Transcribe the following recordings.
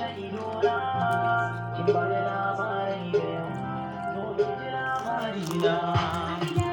Thank you.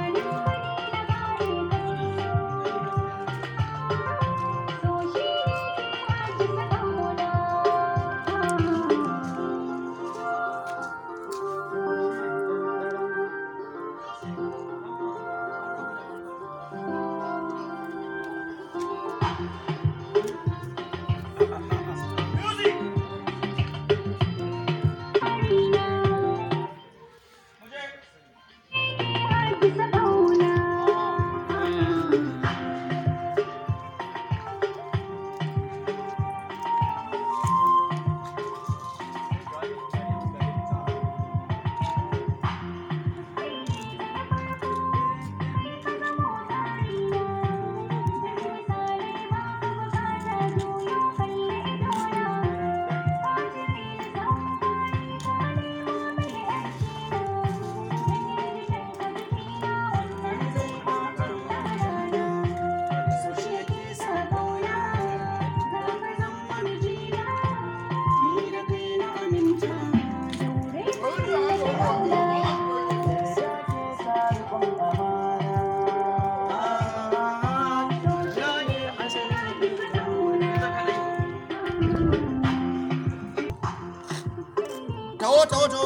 Oto, oto,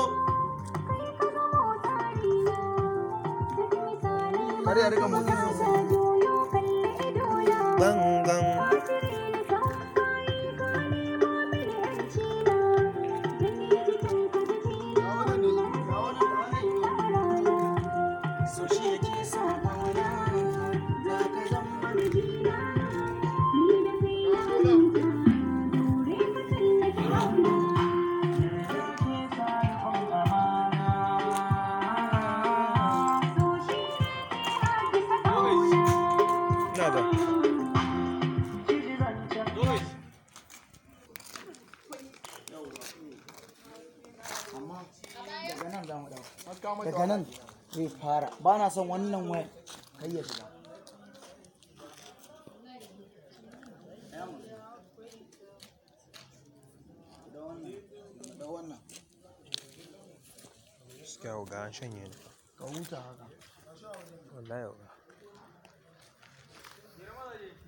Kare a rika motsi надо. Daga nan zai fara. Ba na son wannan wayar kai ya shiga. Gaskiya ga an shanye ne. Ka huta haka. Wallahi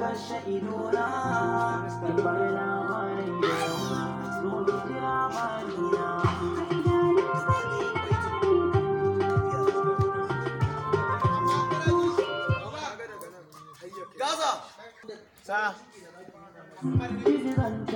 غشيتنا كبر الأغنية مسنون الأغنية Gaza! Sa!